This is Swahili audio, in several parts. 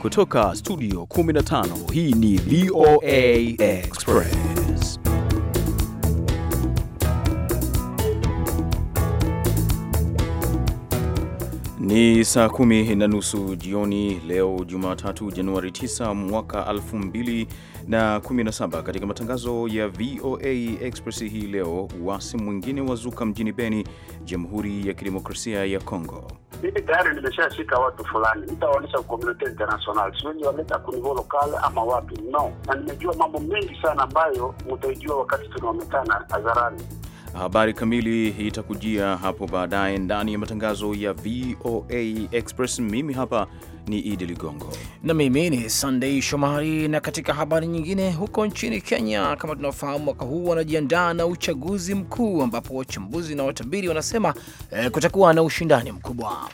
Kutoka studio 15 hii ni VOA Express. Ni saa kumi na nusu jioni leo Jumatatu, Januari 9 mwaka 2017. Katika matangazo ya VOA Express hii leo, wasi mwingine wazuka mjini Beni, Jamhuri ya Kidemokrasia ya Kongo mimi tayari nimeshashika watu fulani, nitawaonyesha community international, siwezi waleta kunivo lokal ama wapi, no. Na nimejua mambo mengi sana ambayo mutaijua wakati tunaonekana hadharani. Habari kamili itakujia hapo baadaye ndani ya matangazo ya VOA Express. Mimi hapa ni Idi Ligongo na mimi ni sandei Shomari. Na katika habari nyingine, huko nchini Kenya, kama tunaofahamu, mwaka huu wanajiandaa na uchaguzi mkuu ambapo wachambuzi na watabiri wanasema eh, kutakuwa na ushindani mkubwa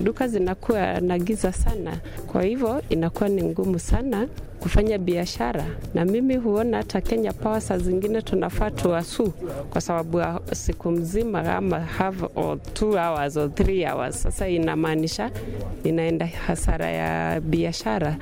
duka zinakuwa na giza sana, kwa hivyo inakuwa ni ngumu sana kufanya biashara. Na mimi huona hata Kenya Power saa zingine tunafaa tuwasuu kwa sababu ya siku mzima ama have or two hours or three hours. Sasa inamaanisha inaenda hasara ya biashara.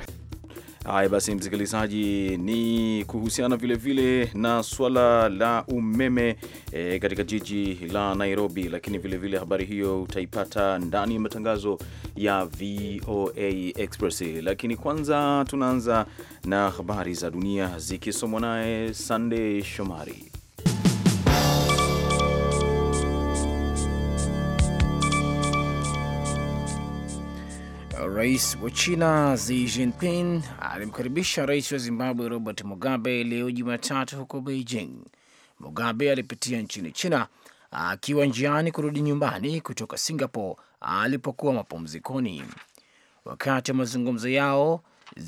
Haya basi, msikilizaji, ni kuhusiana vilevile vile na swala la umeme e, katika jiji la Nairobi, lakini vilevile vile habari hiyo utaipata ndani ya matangazo ya VOA Express, lakini kwanza tunaanza na habari za dunia zikisomwa naye Sunday Shomari. Rais wa China Xi Jinping alimkaribisha rais wa Zimbabwe Robert Mugabe leo Jumatatu huko Beijing. Mugabe alipitia nchini China akiwa njiani kurudi nyumbani kutoka Singapore alipokuwa mapumzikoni. Wakati wa mazungumzo yao,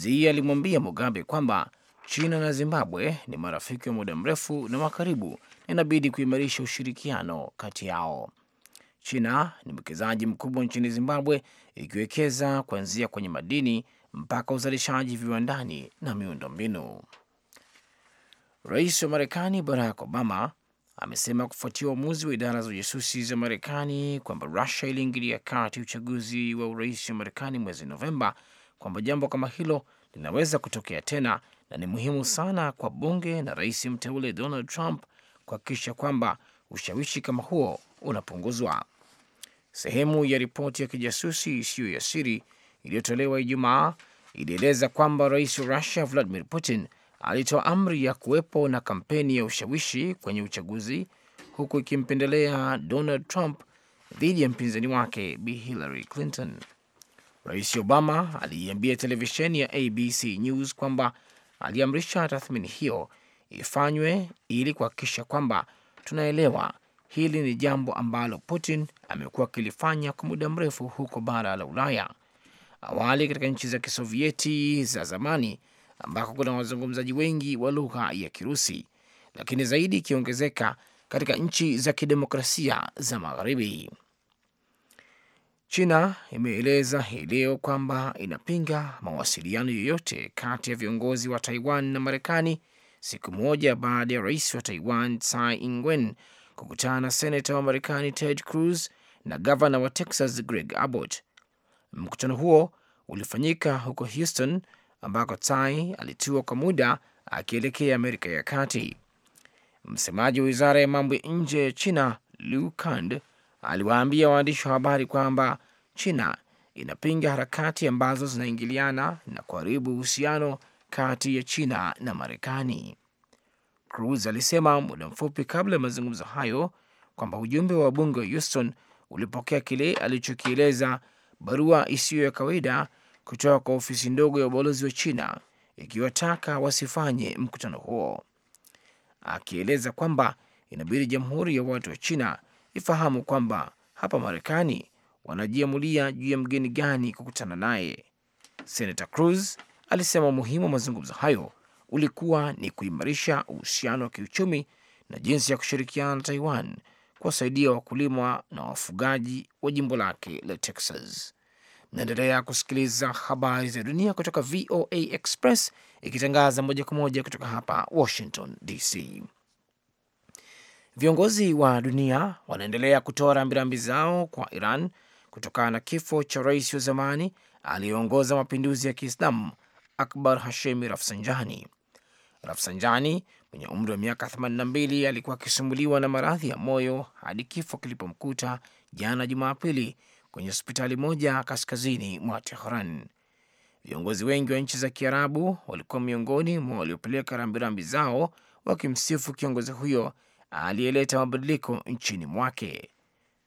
Xi alimwambia Mugabe kwamba China na Zimbabwe ni marafiki wa muda mrefu na wa karibu na inabidi kuimarisha ushirikiano kati yao. China ni mwekezaji mkubwa nchini Zimbabwe, ikiwekeza kuanzia kwenye madini mpaka uzalishaji viwandani na miundo mbinu Rais wa Marekani Barack Obama amesema kufuatia uamuzi wa idara za ujasusi za Marekani kwamba Rusia iliingilia kati uchaguzi wa urais wa Marekani mwezi Novemba kwamba jambo kama hilo linaweza kutokea tena na ni muhimu sana kwa bunge na rais mteule Donald Trump kuhakikisha kwamba ushawishi kama huo unapunguzwa. Sehemu ya ripoti ya kijasusi isiyo ya siri iliyotolewa Ijumaa ilieleza kwamba rais wa Russia Vladimir Putin alitoa amri ya kuwepo na kampeni ya ushawishi kwenye uchaguzi huku ikimpendelea Donald Trump dhidi ya mpinzani wake Bi Hillary Clinton. Rais Obama aliiambia televisheni ya ABC News kwamba aliamrisha tathmini hiyo ifanywe ili kuhakikisha kwamba tunaelewa Hili ni jambo ambalo Putin amekuwa akilifanya kwa muda mrefu huko bara la Ulaya. Awali katika nchi za Kisovieti za zamani, ambako kuna wazungumzaji wengi wa lugha ya Kirusi, lakini zaidi ikiongezeka katika nchi za kidemokrasia za Magharibi. China imeeleza hii leo kwamba inapinga mawasiliano yoyote kati ya viongozi wa Taiwan na Marekani, siku moja baada ya rais wa Taiwan Tsai Ing-wen kukutana na senata wa Marekani Ted Cruz na gavana wa Texas Greg Abbott. Mkutano huo ulifanyika huko Houston ambako Tsai alitua kwa muda akielekea Amerika ya Kati. Msemaji wa wizara ya mambo ya nje ya China Lu Kand aliwaambia waandishi wa habari kwamba China inapinga harakati ambazo zinaingiliana na kuharibu uhusiano kati ya China na Marekani. Cruz alisema muda mfupi kabla ya mazungumzo hayo kwamba ujumbe wa wabunge wa Houston ulipokea kile alichokieleza barua isiyo ya kawaida kutoka kwa ofisi ndogo ya ubalozi wa China ikiwataka wasifanye mkutano huo, akieleza kwamba inabidi Jamhuri ya Watu wa China ifahamu kwamba hapa Marekani wanajiamulia juu ya mgeni gani kukutana naye. Senator Cruz alisema umuhimu wa mazungumzo hayo ulikuwa ni kuimarisha uhusiano wa kiuchumi na jinsi ya kushirikiana na Taiwan, kuwasaidia wakulima na wafugaji wa jimbo lake la Texas. Naendelea kusikiliza habari za dunia kutoka VOA Express ikitangaza moja kwa moja kutoka hapa Washington DC. Viongozi wa dunia wanaendelea kutoa rambirambi zao kwa Iran kutokana na kifo cha rais wa zamani aliyeongoza mapinduzi ya Kiislamu Akbar Hashemi Rafsanjani. Rafsanjani mwenye umri wa miaka 82 alikuwa akisumbuliwa na maradhi ya moyo hadi kifo kilipomkuta jana Jumapili kwenye hospitali moja kaskazini mwa Tehran. Viongozi wengi wa nchi za Kiarabu walikuwa miongoni mwa waliopeleka rambirambi zao wakimsifu kiongozi huyo aliyeleta mabadiliko nchini mwake.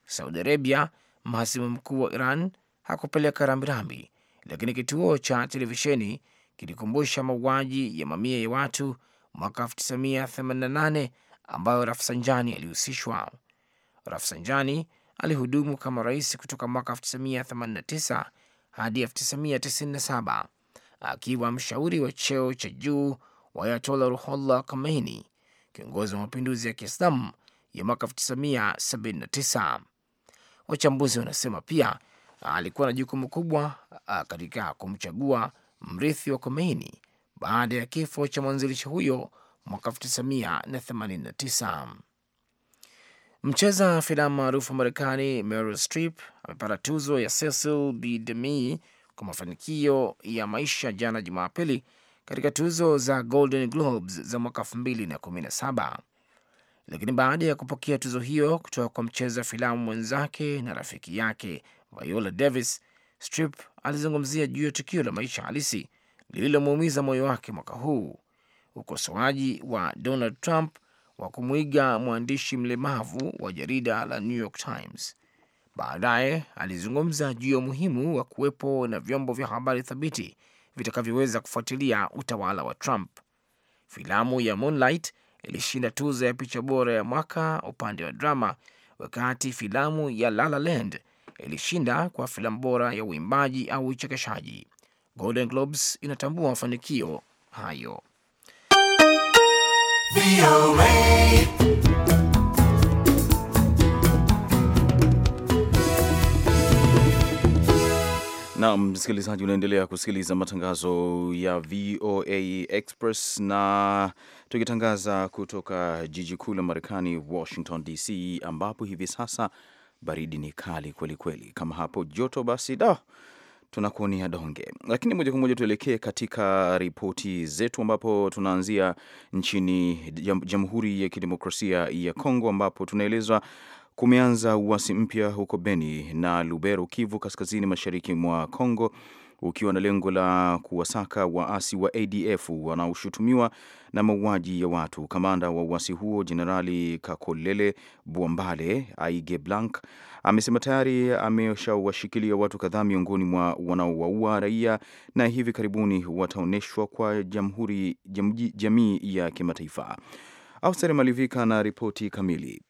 Saudi Arabia, mhasimu mkuu wa Iran, hakupeleka rambirambi, lakini kituo cha televisheni kilikumbusha mauaji ya mamia ya watu mwaka 1988 ambayo Rafsanjani alihusishwa. Rafsanjani alihudumu kama rais kutoka mwaka 1989 hadi 1997 akiwa mshauri wa cheo cha juu wa Ayatollah Ruhollah Khomeini, kiongozi wa mapinduzi ya Kiislamu ya mwaka 1979. Wachambuzi wanasema pia alikuwa na jukumu kubwa ah, katika kumchagua mrithi wa Khomeini baada ya kifo cha mwanzilishi huyo mwaka 1989. Mcheza filamu maarufu wa Marekani Meryl Streep amepata tuzo ya Cecil B. DeMille kwa mafanikio ya maisha jana Jumapili katika tuzo za Golden Globes za mwaka 2017, lakini baada ya kupokea tuzo hiyo kutoka kwa mcheza filamu mwenzake na rafiki yake Viola Davis, Strip alizungumzia juu ya tukio la maisha halisi lililomuumiza moyo wake mwaka huu, ukosoaji wa Donald Trump wa kumwiga mwandishi mlemavu wa jarida la New York Times. Baadaye alizungumza juu ya umuhimu wa kuwepo na vyombo vya habari thabiti vitakavyoweza kufuatilia utawala wa Trump. Filamu ya Moonlight ilishinda tuzo ya picha bora ya mwaka upande wa drama, wakati filamu ya La La Land ilishinda kwa filamu bora ya uimbaji au uchekeshaji. Golden Globes inatambua mafanikio hayo. Na msikilizaji, unaendelea kusikiliza matangazo ya VOA Express na tukitangaza kutoka jiji kuu la Marekani, Washington DC, ambapo hivi sasa baridi ni kali kwelikweli kweli. Kama hapo joto basi da tunakuonia donge. Lakini moja kwa moja tuelekee katika ripoti zetu, ambapo tunaanzia nchini Jamhuri ya Kidemokrasia ya Kongo, ambapo tunaelezwa kumeanza uasi mpya huko Beni na Lubero, Kivu kaskazini mashariki mwa Kongo, ukiwa na lengo la kuwasaka waasi wa ADF wanaoshutumiwa na mauaji ya watu. Kamanda wa uasi huo Jenerali Kakolele Bwambale Aige Blank amesema tayari ameshawashikilia watu kadhaa miongoni mwa wanaowaua raia na hivi karibuni wataonyeshwa kwa jamhuri jamii ya kimataifa. austeri Malivika na ripoti kamili.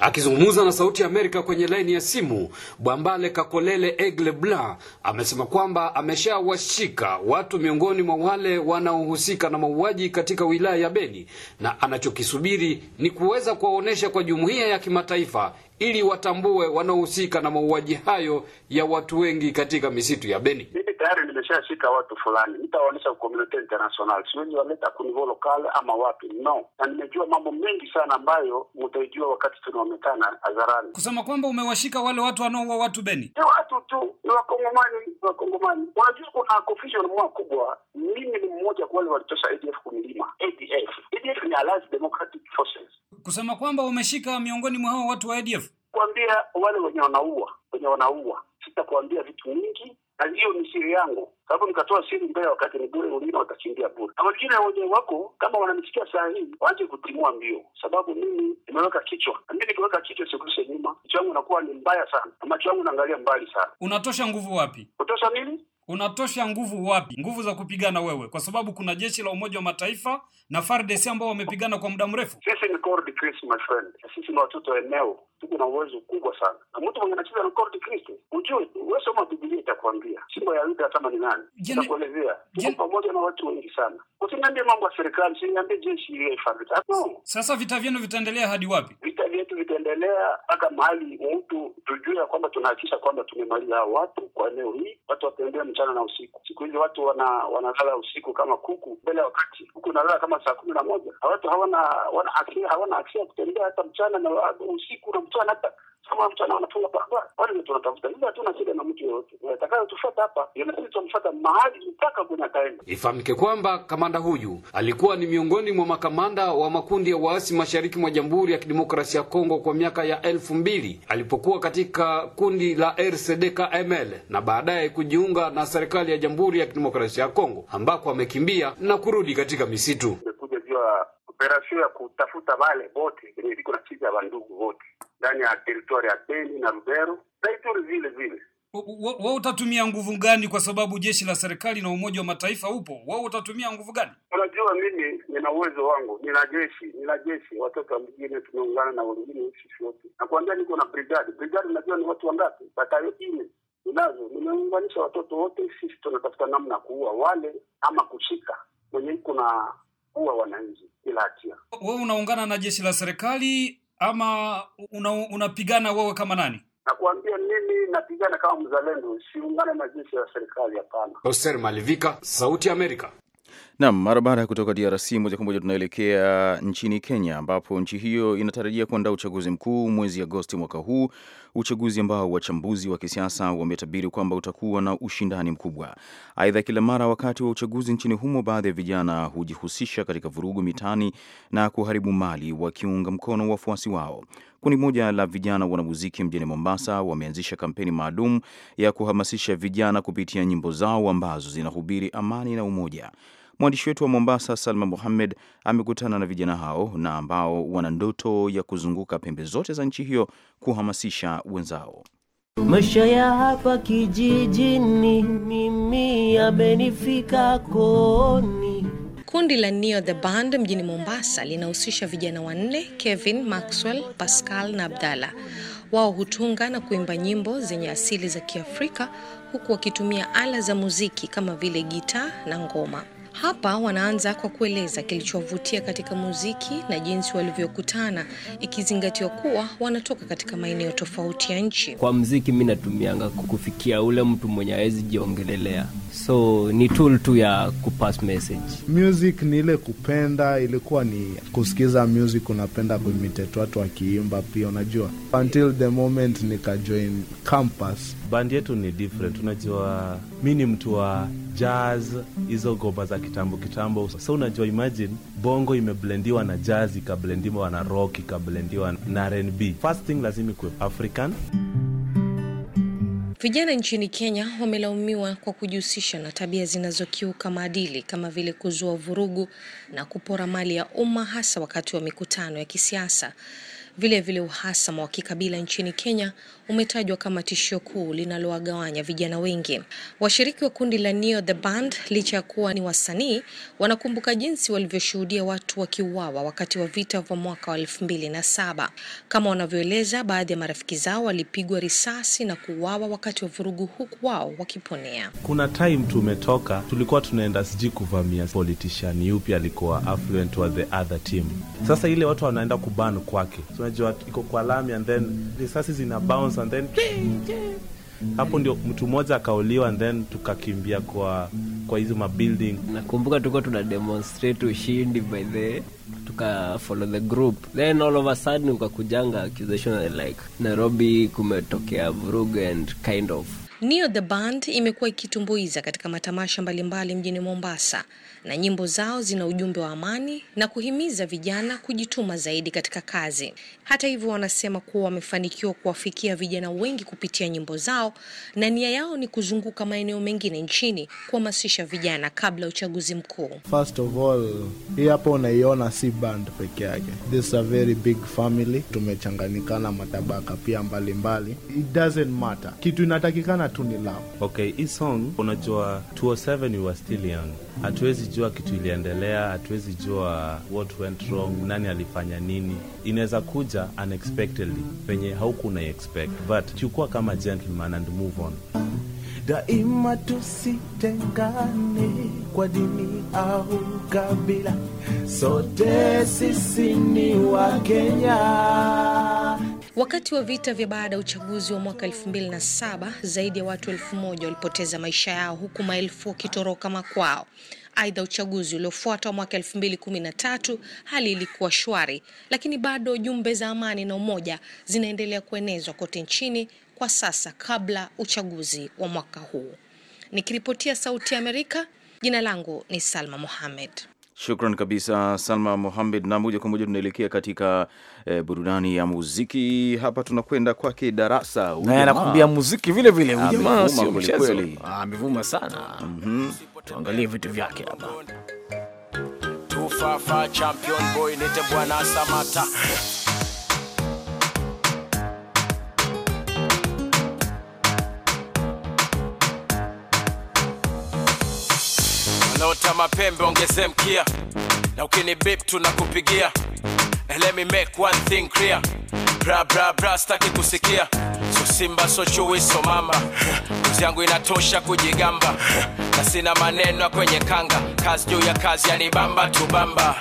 Akizungumza na Sauti ya Amerika kwenye laini ya simu, Bwambale Kakolele Egle Bla amesema kwamba ameshawashika watu miongoni mwa wale wanaohusika na mauaji katika wilaya ya Beni na anachokisubiri ni kuweza kuwaonesha kwa jumuiya ya kimataifa ili watambue wanaohusika na mauaji hayo ya watu wengi katika misitu ya Beni. Mimi tayari nimeshashika watu fulani, nitawaonyesha community international, siwezi waleta kunivo lokal ama wapi, no. Na nimejua mambo mengi sana ambayo mtaijua wakati tunaonekana hadharani. Kusema kwamba umewashika wale watu wanaoua watu Beni, ni watu tu, ni wakongomani, wakongomani. Unajua kuna confusion mwa kubwa. Mimi ni mmoja kwa wale walitosha ADF kumilima. ADF, ADF ni Allied Democratic Forces. Kusema kwamba umeshika miongoni mwa hao watu wa ADF kuambia wale wenye wanaua wenye wanaua, sitakuambia vitu mingi, na hiyo ni siri yangu sababu nikatoa simu mbele, wakati ni bure, wengine watachimbia bure, na wengine wenye wako kama wananisikia saa hii waje kutimua mbio, sababu mimi nimeweka kichwa, na mimi nikiweka kichwa sikurushe nyuma, kichwa yangu inakuwa ni mbaya sana, na macho yangu naangalia mbali sana. Unatosha nguvu wapi? Kutosha nini? Unatosha nguvu wapi? Nguvu za kupigana wewe, kwa sababu kuna jeshi la Umoja wa Mataifa na FARDC ambao wamepigana kwa muda mrefu. Sisi ni corps Christ my friend, sisi ni watoto eneo, tuko na uwezo kubwa sana, na mtu mwenye anacheza na corps Christ, ujue wewe, soma Biblia itakwambia simba ya Yuda kama ni nani sana, pamoja na watu wengi sana. Usiniambie mambo ya serikali, usiniambie jeshi Sasa vita vyenu vitaendelea hadi wapi? Vita vyetu vitaendelea mpaka mahali mtu tujue kwamba tunahakikisha kwamba tumemaliza hao watu kwa eneo hii. Watu watembea mchana na usiku. Siku hizi watu wana wanalala usiku kama kuku mbele ya wakati, huku nalala kama saa kumi na moja. Watu hawana hawana hawana ya kutembea hata mchana na usiku na mchana hata kama mtu barabara wale ndio tunatafuta, hatuna shida na mtu yoyote. hapa, yule sisi mahali mpaka kwenye ataenda. Ifahamike kwamba kamanda huyu alikuwa ni miongoni mwa makamanda wa makundi ya waasi mashariki mwa Jamhuri ya Kidemokrasia ya Kongo kwa miaka ya elfu mbili alipokuwa katika kundi la rcdkml na baadaye kujiunga na serikali ya Jamhuri ya Kidemokrasia ya Kongo ambako amekimbia na kurudi katika misitu. Operasio ya kutafuta wale bote ilikuwa na chiza wa wote ndani ya teritori ya Beni na Rubero na Ituri vile vile. Wewe utatumia nguvu gani? Kwa sababu jeshi la serikali na Umoja wa Mataifa upo, wewe utatumia nguvu gani? Unajua, mimi nina uwezo wangu, nina jeshi, nina jeshi, watoto wa mjini tumeungana na wengine sisi wote. Nakwambia niko na brigade, brigade unajua ni watu wangapi? Batayo ine ninazo, nimeunganisha watoto wote. Sisi tunatafuta namna ya kuua wale ama kushika mwenye iko na kuua wananchi bila hatia. Wewe unaungana na jeshi la serikali ama unapigana una wewe kama nani? Nakuambia mimi napigana kama mzalendo, siungane na jeshi la serikali, hapana. Hoser Malivika, Sauti ya Amerika. Naam, mara baada ya kutoka DRC moja kwa moja tunaelekea nchini Kenya, ambapo nchi hiyo inatarajia kuandaa uchaguzi mkuu mwezi Agosti mwaka huu, uchaguzi ambao wachambuzi wa kisiasa wametabiri kwamba utakuwa na ushindani mkubwa. Aidha, kila mara wakati wa uchaguzi nchini humo, baadhi ya vijana hujihusisha katika vurugu mitaani na kuharibu mali, wakiunga mkono wafuasi wao. Kundi moja la vijana wanamuziki mjini Mombasa wameanzisha kampeni maalum ya kuhamasisha vijana kupitia nyimbo zao ambazo zinahubiri amani na umoja. Mwandishi wetu wa Mombasa, Salma muhammed amekutana na vijana hao na ambao wana ndoto ya kuzunguka pembe zote za nchi hiyo kuhamasisha wenzao. Maisha ya hapa kijijini mimi yamenifika koni. Kundi la Neo the Band mjini Mombasa linahusisha vijana wanne: Kevin, Maxwell, Pascal na Abdalla. Wao hutunga na kuimba nyimbo zenye asili za Kiafrika huku wakitumia ala za muziki kama vile gitaa na ngoma. Hapa wanaanza kwa kueleza kilichowavutia katika muziki na jinsi walivyokutana, ikizingatiwa kuwa wanatoka katika maeneo tofauti ya nchi. Kwa mziki, mi natumianga kufikia ule mtu mwenye awezi jiongelelea, so ni tool tu ya kupass message. Music ni ile kupenda, ilikuwa ni kusikiza music, unapenda kuimitate watu wakiimba pia, unajua until the moment nikajoin campus bandi yetu ni different. Unajua, mi ni mtu wa jazz, hizo ngoma za kitambo kitambo. So unajua, imagine bongo imeblendiwa na jazz, ikablendiwa na rock, ikablendiwa na R&B. First thing lazima ikuwe African. Vijana nchini Kenya wamelaumiwa kwa kujihusisha na tabia zinazokiuka maadili kama vile kuzua vurugu na kupora mali ya umma hasa wakati wa mikutano ya kisiasa. Vilevile vile uhasama wa kikabila nchini Kenya umetajwa kama tishio kuu linalowagawanya vijana wengi. Washiriki wa kundi la Neo The Band, licha ya kuwa ni wasanii, wanakumbuka jinsi walivyoshuhudia watu wakiuawa wakati wa vita vya mwaka wa elfu mbili na saba. Kama wanavyoeleza, baadhi ya marafiki zao walipigwa risasi na kuuawa wakati wa vurugu, huku wao wakiponea. Kuna time tumetoka, tulikuwa tunaenda sijui kuvamia politician yupi alikuwa affluent wa the other team. Sasa ile watu wanaenda kuban kwake so, unajua iko kwa lami and then risasi zina bounce and then hapo ndio mtu mmoja akauliwa and then tukakimbia kwa kwa hizo mabuilding. Nakumbuka tulikuwa tuna demonstrate ushindi by the tuka follow the group then all of a sudden ukakujanga accusation like Nairobi kumetokea vurugu and kind of Neo the Band imekuwa ikitumbuiza katika matamasha mbalimbali mjini Mombasa na nyimbo zao zina ujumbe wa amani na kuhimiza vijana kujituma zaidi katika kazi. Hata hivyo, wanasema kuwa wamefanikiwa kuwafikia vijana wengi kupitia nyimbo zao na nia yao ni kuzunguka maeneo mengine nchini kuhamasisha vijana kabla ya uchaguzi mkuu. First of all, hii hapo unaiona si band peke yake. This is a very big family. Tumechanganikana matabaka pia mbalimbali mbali. It doesn't matter. Kitu inatakikana tu ni love. Okay, hii song unajua 207 you were still young. Hatuwezi jua kitu iliendelea, hatuwezi jua what went wrong, nani alifanya nini. Inaweza kuja kukuja unexpectedly penye hauku na expect, but chukua kama gentleman and move on. Daima tusitengane kwa dini au kabila, sote sisi ni wa Kenya. Wakati wa vita vya baada ya uchaguzi wa mwaka 2007 zaidi ya watu elfu moja walipoteza maisha yao huku maelfu wakitoroka makwao. Aidha, uchaguzi uliofuata mwaka 2013 hali ilikuwa shwari, lakini bado jumbe za amani na umoja zinaendelea kuenezwa kote nchini kwa sasa kabla uchaguzi wa mwaka huu. Nikiripotia Sauti ya Amerika, jina langu ni Salma muhamed Shukran kabisa Salma muhamed na moja kwa moja tunaelekea katika e, burudani ya muziki. Hapa tunakwenda kwake Darasa, anakuambia muziki vilevile, ujamaa sio mchezo, ah, amevuma sana mm -hmm tuangalie vitu vyake hapa. Tufafa champion boy nite bwana Samata Lota mapembe ongeze mkia na ukini bip tunakupigia. Let me make one thing clear bra bra bra, staki kusikia, so simba so chui so mama, kazi yangu inatosha kujigamba, na sina maneno kwenye kanga, kazi juu ya kazi yanibamba tubamba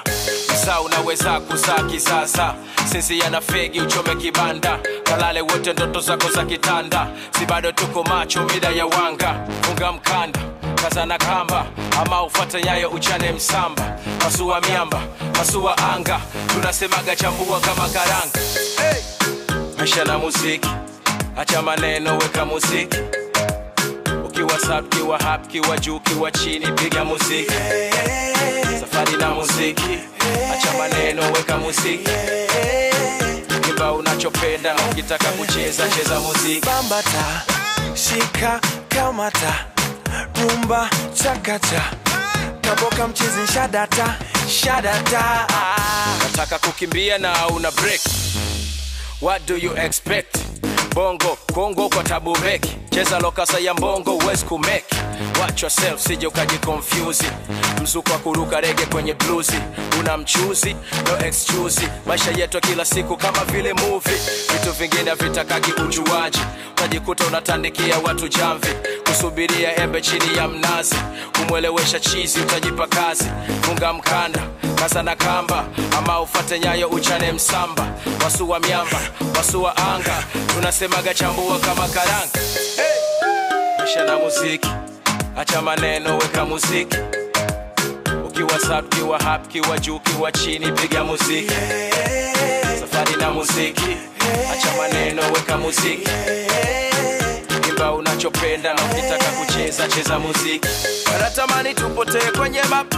saa unaweza kuzaa kisasa sinzia na fegi uchome kibanda kalale wote ndoto zako za kitanda si bado tuko macho mida ya wanga funga mkanda kazana kamba ama ufuate nyayo uchane msamba pasua miamba pasua anga tunasemaga chambua kama karanga maisha na muziki hacha maneno weka muziki ukiwa sap kiwa hap kiwa juu kiwa chini piga muziki safari na muziki hacha maneno weka muziki kiba unachopenda ukitaka kucheza cheza muziki bambata shika kamata rumba chakacha kaboka mchizi shadata shadata nataka kukimbia na una break what do you expect bongo kongo kwa tabu meki cheza lokasa ya mbongo huwezi kumeki watch yourself sije ukajikonfyuzi mzuko wa kuruka rege kwenye bluzi una mchuzi no excuse maisha yetu kila siku kama vile muvi vitu vingine vitakaki ujuaji utajikuta unatandikia watu jamvi kusubiria embe chini ya mnazi kumwelewesha chizi utajipa kazi funga mkanda kaza na kamba, ama ufate nyayo uchane msamba, wasuwa miamba, wasuwa anga, tunasemaga chambua kama karanga. Hey! Maisha na muziki, acha maneno, weka muziki ukiwa sub kiwa hap kiwa juu kiwa chini piga muziki safari na muziki hacha acha maneno weka muziki imba unachopenda na ukitaka kucheza cheza muziki anatamani tupotee kwenye map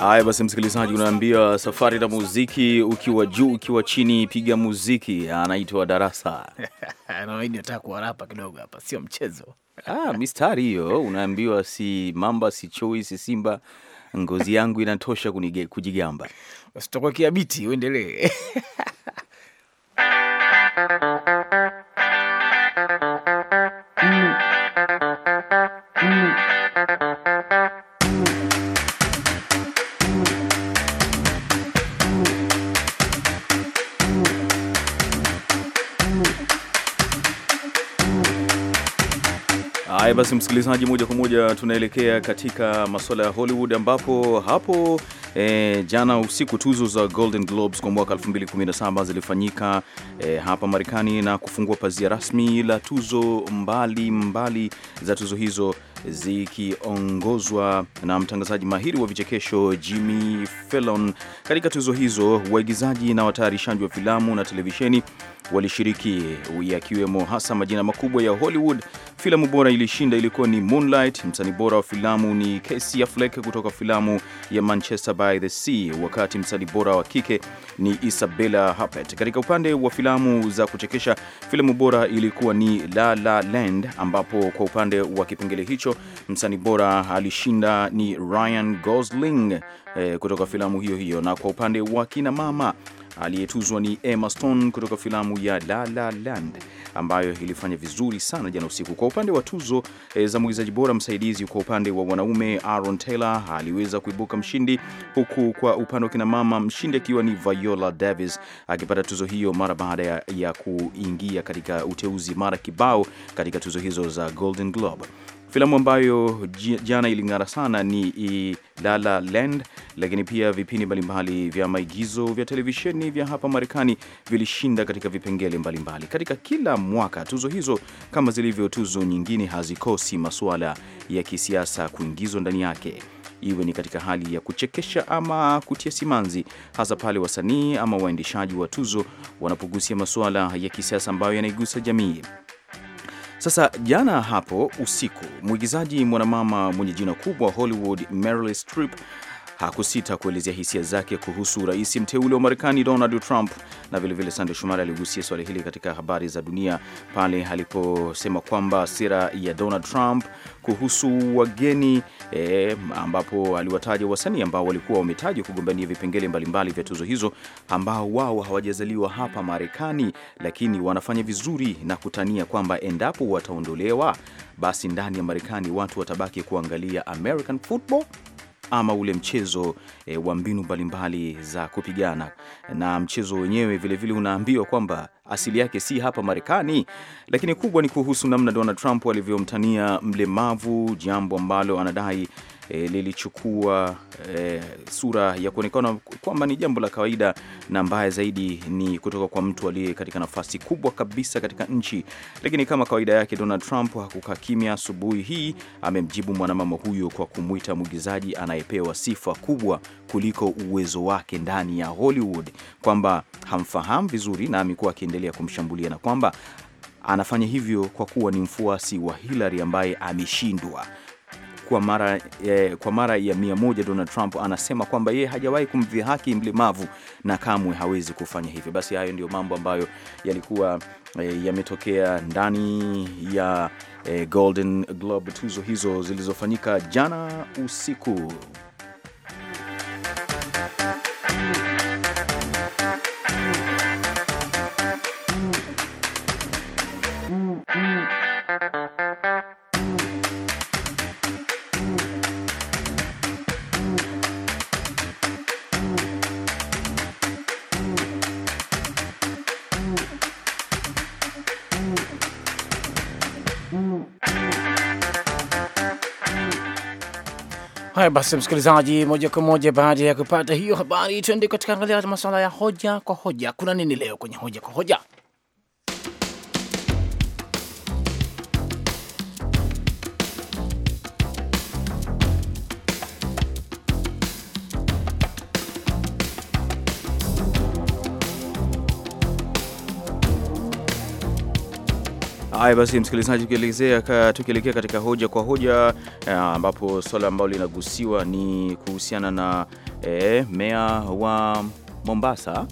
Haya basi, msikilizaji, unaambia safari la muziki, ukiwa juu ukiwa chini, piga muziki. Anaitwa Darasa. Nataka kidogo hapa, sio mchezo. Ah, mistari hiyo unaambiwa, si mamba, si chui, si simba, ngozi yangu inatosha kunige, kujigamba. Usitoke kiabiti, uendelee basi msikilizaji, moja kwa moja tunaelekea katika masuala ya Hollywood ambapo hapo e, jana usiku tuzo za Golden Globes kwa mwaka 2017 zilifanyika e, hapa Marekani na kufungua pazia rasmi la tuzo mbalimbali mbali za tuzo hizo zikiongozwa na mtangazaji mahiri wa vichekesho Jimmy Fallon. Katika tuzo hizo waigizaji na watayarishaji wa filamu na televisheni walishiriki, yakiwemo hasa majina makubwa ya Hollywood. Filamu bora ilishinda ilikuwa ni Moonlight. Msanii bora wa filamu ni Casey Affleck kutoka filamu ya Manchester by the Sea, wakati msanii bora wa kike ni Isabella Huppert. Katika upande wa filamu za kuchekesha, filamu bora ilikuwa ni La La Land, ambapo kwa upande wa kipengele hicho msanii bora alishinda ni Ryan Gosling eh, kutoka filamu hiyo hiyo, na kwa upande wa kina mama Aliyetuzwa ni Emma Stone kutoka filamu ya La La Land ambayo ilifanya vizuri sana jana usiku. Kwa upande wa tuzo e, za mwigizaji bora msaidizi, kwa upande wa wanaume Aaron Taylor aliweza kuibuka mshindi, huku kwa upande wa kinamama mshindi akiwa ni Viola Davis akipata tuzo hiyo mara baada ya, ya kuingia katika uteuzi mara kibao katika tuzo hizo za Golden Globe. Filamu ambayo jana iling'ara sana ni i, la La Land, lakini pia vipindi mbalimbali vya maigizo vya televisheni vya hapa Marekani vilishinda katika vipengele mbalimbali mbali. Katika kila mwaka tuzo hizo kama zilivyo tuzo nyingine hazikosi masuala ya kisiasa kuingizwa ndani yake iwe ni katika hali ya kuchekesha ama kutia simanzi, hasa pale wasanii ama waendeshaji wa tuzo wanapogusia masuala ya kisiasa ambayo yanaigusa jamii. Sasa jana hapo usiku, mwigizaji mwanamama mwenye jina kubwa Hollywood Meryl Streep hakusita kuelezea hisia zake kuhusu rais mteule wa Marekani Donald Trump. Na vilevile, Sande Shumari aligusia swali hili katika habari za dunia pale aliposema kwamba sera ya Donald Trump kuhusu wageni e, ambapo aliwataja wasanii ambao walikuwa wametajwa kugombania vipengele mbalimbali vya tuzo hizo ambao wao hawajazaliwa hapa Marekani, lakini wanafanya vizuri na kutania kwamba endapo wataondolewa, basi ndani ya Marekani watu watabaki kuangalia American football ama ule mchezo e, wa mbinu mbalimbali za kupigana, na mchezo wenyewe vilevile unaambiwa kwamba asili yake si hapa Marekani, lakini kubwa ni kuhusu namna Donald Trump alivyomtania mlemavu, jambo ambalo anadai e, lilichukua e, sura ya kuonekana kwamba ni jambo la kawaida, na mbaya zaidi ni kutoka kwa mtu aliye katika nafasi kubwa kabisa katika nchi. Lakini kama kawaida yake, Donald Trump hakukaa kimya. Asubuhi hii amemjibu mwanamama huyo kwa kumwita mwigizaji anayepewa sifa kubwa kuliko uwezo wake ndani ya Hollywood, kwamba hamfahamu vizuri na amekuwa akiendelea kumshambulia na kwamba anafanya hivyo kwa kuwa ni mfuasi wa Hillary ambaye ameshindwa kwa mara, eh, kwa mara ya mia moja, Donald Trump anasema kwamba yeye hajawahi kumdhihaki mlemavu na kamwe hawezi kufanya hivyo. Basi hayo ndio mambo ambayo yalikuwa eh, yametokea ndani ya eh, Golden Globe, tuzo hizo zilizofanyika jana usiku. Haya basi, msikilizaji, moja kwa moja baada ya kupata hiyo habari, tuende katika angalia masuala ya hoja kwa hoja. Kuna nini leo kwenye hoja kwa hoja? Haya basi, msikilizaji, tukielekea katika hoja kwa hoja, eh, ambapo swala ambalo linagusiwa ni kuhusiana na e, meya wa Mombasa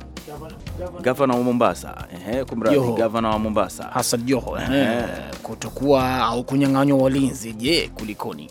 gavana wa Mombasa eh, kumradhi, gavana wa Mombasa Hassan Joho eh, kutokuwa au kunyang'anywa walinzi. Je, kulikoni?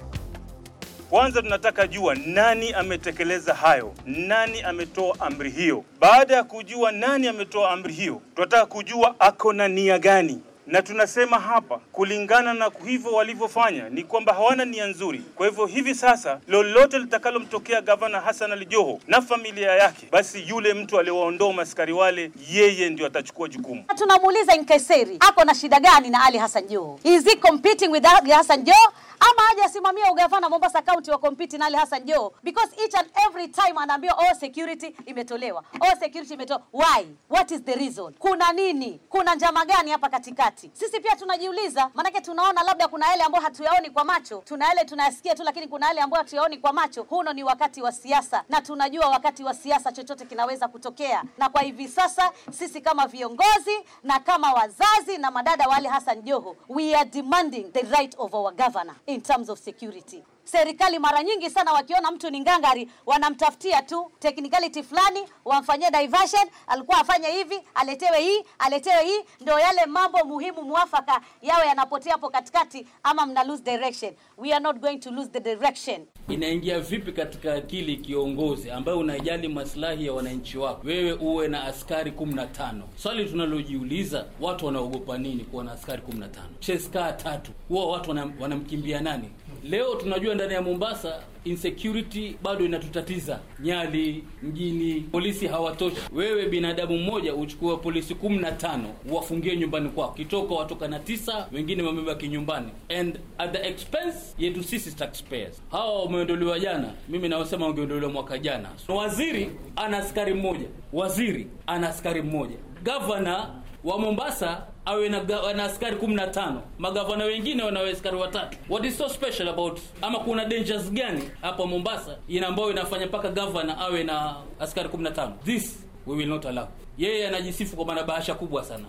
Kwanza tunataka jua nani ametekeleza hayo, nani ametoa amri hiyo. Baada ya kujua nani ametoa amri hiyo, tunataka kujua ako na nia gani na tunasema hapa kulingana na hivyo walivyofanya ni kwamba hawana nia nzuri. Kwa hivyo hivi sasa lolote litakalomtokea gavana Hassan Ali Joho na familia yake, basi yule mtu aliwaondoa maskari wale, yeye ndio atachukua jukumu. Tunamuuliza Nkeseri ako na shida gani na Ali Hassan Joho? Is he competing with Ali Hassan Joho? ama aje asimamia ugavana Mombasa County wa compete na Ali Hassan Joho because each and every time anaambiwa oh security imetolewa, oh security imetolewa. Why? What is the reason? Kuna nini? Kuna njama gani hapa katikati? Sisi pia tunajiuliza, maanake tunaona labda kuna yale ambayo hatuyaoni kwa macho, tuna yale tunayasikia tu, lakini kuna yale ambayo hatuyaoni kwa macho. Huno ni wakati wa siasa, na tunajua wakati wa siasa chochote kinaweza kutokea, na kwa hivi sasa sisi kama viongozi na kama wazazi na madada wa Ali Hassan Joho, we are demanding the right of our governor. in terms of security. serikali mara nyingi sana wakiona mtu ni ngangari wanamtafutia tu technicality fulani wamfanyie diversion, alikuwa afanye hivi, aletewe hii, aletewe hii, ndio yale mambo muhimu mwafaka yawe yanapotea hapo katikati, ama mna lose direction. We are not going to lose the direction. Inaingia vipi katika akili kiongozi ambaye unajali maslahi ya wananchi wako, wewe uwe na askari 15? Swali tunalojiuliza watu wanaogopa nini kuwa na askari 15? Cheska tatu, huwa watu wanamkimbia nani? Leo tunajua ndani ya Mombasa insecurity bado inatutatiza. Nyali mjini polisi hawatoshi. Wewe binadamu mmoja uchukua polisi kumi na tano uwafungie nyumbani kwako, kitoka watoka na tisa, wengine wamebaki nyumbani and at the expense yetu sisi taxpayers. Hawa wameondolewa jana, mimi nawasema wangeondolewa mwaka jana. Waziri ana askari mmoja, waziri ana askari mmoja, gavana wa Mombasa awe na, na askari 15, magavana wengine wana askari watatu. What is so special about, ama kuna dangers gani hapa Mombasa ina ambayo inafanya mpaka gavana awe na askari 15? This we will not allow. Yeye anajisifu kwa manabahasha kubwa sana,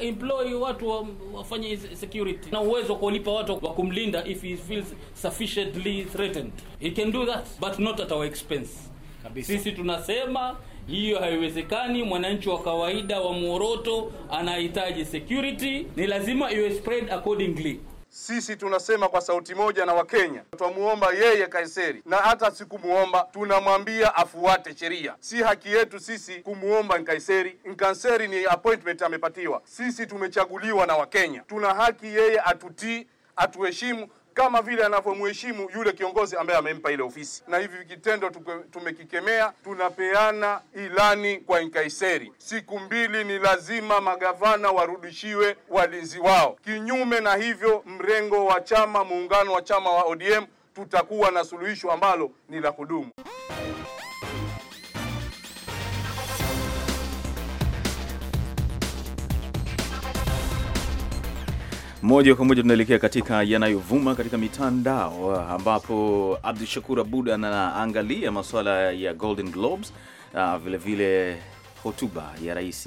employ watu wa, wafanye security na uwezo wa kulipa watu wa kumlinda if he feels sufficiently threatened, he can do that but not at our expense. Kabisa. Sisi tunasema hiyo haiwezekani. Mwananchi wa kawaida wa Moroto anahitaji security, ni lazima iwe spread accordingly. Sisi tunasema kwa sauti moja na Wakenya, twamuomba yeye Kaiseri, na hata sikumuomba, tunamwambia afuate sheria. Si haki yetu sisi kumuomba Nkaiseri. Nkaiseri ni appointment amepatiwa, sisi tumechaguliwa na Wakenya, tuna haki yeye atutii, atuheshimu kama vile anavyomheshimu yule kiongozi ambaye amempa ile ofisi. Na hivi kitendo tumekikemea, tunapeana ilani kwa Inkaiseri, siku mbili ni lazima magavana warudishiwe walinzi wao. Kinyume na hivyo, mrengo wa chama, muungano wa chama wa ODM, tutakuwa na suluhisho ambalo ni la kudumu. Moja kwa moja tunaelekea katika yanayovuma katika mitandao, ambapo Abdu Shakur Abud anaangalia masuala ya Golden Globes, vilevile uh, hotuba ya rais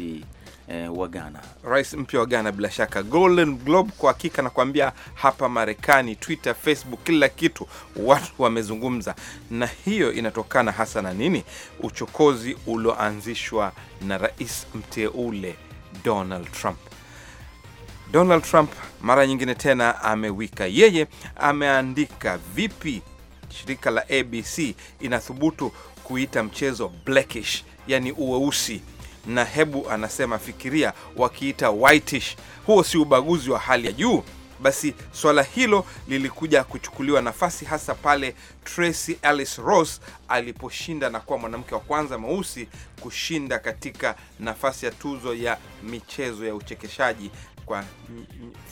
eh, wa Ghana, rais mpya wa Ghana. Bila shaka Golden Globe kwa hakika nakwambia, hapa Marekani, Twitter, Facebook, kila kitu watu wamezungumza, na hiyo inatokana hasa na nini? Uchokozi ulioanzishwa na rais mteule Donald Trump. Donald Trump mara nyingine tena amewika. Yeye ameandika vipi shirika la ABC inathubutu kuita mchezo blackish, yani uweusi, na hebu anasema fikiria wakiita whitish, huo si ubaguzi wa hali ya juu? Basi swala hilo lilikuja kuchukuliwa nafasi hasa pale Tracy Ellis Ross aliposhinda na kuwa mwanamke wa kwanza mweusi kushinda katika nafasi ya tuzo ya michezo ya uchekeshaji kwa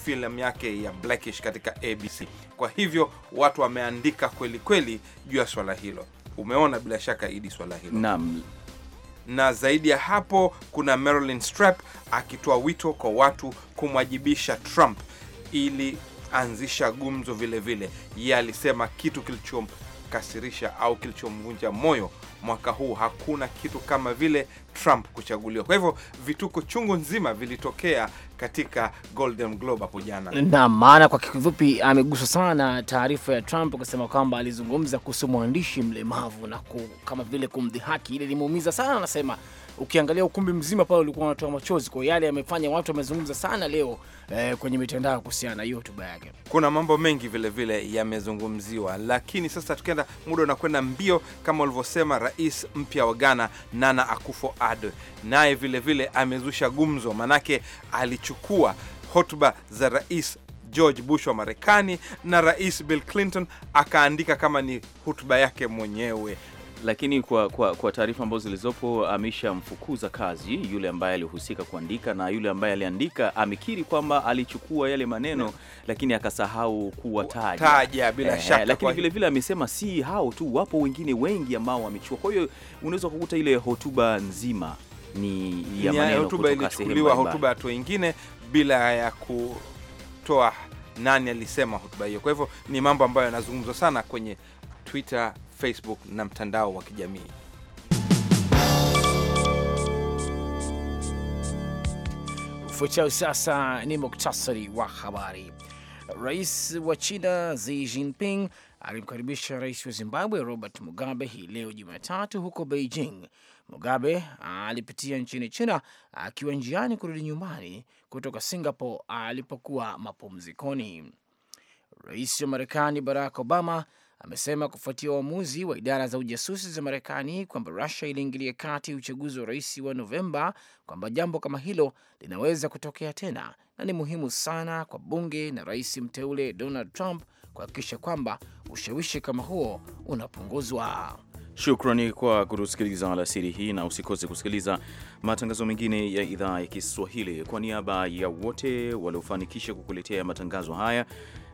filamu yake ya Blackish katika ABC. Kwa hivyo watu wameandika kweli kweli juu ya swala hilo. Umeona bila shaka Idi swala hilo naam. Na zaidi ya hapo, kuna Marilyn Strap akitoa wito kwa watu kumwajibisha Trump ili anzisha gumzo. Vile vile yeye alisema kitu kilichomkasirisha au kilichomvunja moyo mwaka huu. Hakuna kitu kama vile Trump kuchaguliwa. Kwa hivyo vituko chungu nzima vilitokea katika Golden Globe hapo jana. na maana kwa kifupi amegusa sana taarifa ya Trump kusema kwamba alizungumza kuhusu mwandishi mlemavu na kama vile kumdhihaki, ile limeumiza sana, anasema ukiangalia ukumbi mzima pale ulikuwa unatoa machozi kwa yale yamefanya. Watu wamezungumza sana leo eh, kwenye mitandao kuhusiana na hiyo hotuba yake. Kuna mambo mengi vilevile yamezungumziwa, lakini sasa tukienda, muda unakwenda mbio kama ulivyosema. Rais mpya wa Ghana Nana Akufo-Addo naye vilevile amezusha gumzo, manake alichukua hotuba za rais George Bush wa Marekani na rais Bill Clinton akaandika kama ni hotuba yake mwenyewe lakini kwa, kwa, kwa taarifa ambazo zilizopo ameshamfukuza kazi yule ambaye alihusika kuandika, na yule ambaye aliandika amekiri kwamba alichukua yale maneno yeah, lakini akasahau kuwataja bila eh, shaka. Lakini vile vile amesema si hao tu, wapo wengine wengi ambao wamechukua. Kwa hiyo unaweza kukuta ile hotuba nzima ni ya maneno ilichukuliwa hotuba ya watu wengine bila ya kutoa nani alisema hotuba hiyo. Kwa hivyo ni mambo ambayo yanazungumzwa sana kwenye Twitter Facebook na mtandao wa kijamii. Ufuatao sasa ni muktasari wa habari. Rais wa China Xi Jinping alimkaribisha rais wa Zimbabwe Robert Mugabe hii leo Jumatatu huko Beijing. Mugabe alipitia nchini China akiwa njiani kurudi nyumbani kutoka Singapore alipokuwa mapumzikoni. Rais wa Marekani Barack Obama amesema kufuatia uamuzi wa idara za ujasusi za Marekani kwamba Rusia iliingilia kati uchaguzi wa rais wa Novemba kwamba jambo kama hilo linaweza kutokea tena na ni muhimu sana kwa bunge na rais mteule Donald Trump kuhakikisha kwamba ushawishi kama huo unapunguzwa. Shukrani kwa kutusikiliza alasiri hii, na usikose kusikiliza matangazo mengine ya idhaa ya Kiswahili. Kwa niaba ya wote waliofanikisha kukuletea matangazo haya,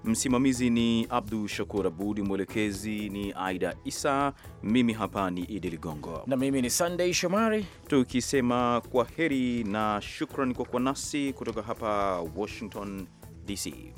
Msimamizi ni Abdu Shakur Abud, mwelekezi ni Aida Isa, mimi hapa ni Idi Ligongo na mimi ni Sunday Shomari, tukisema kwa heri na shukran kwa kuwa nasi kutoka hapa Washington DC.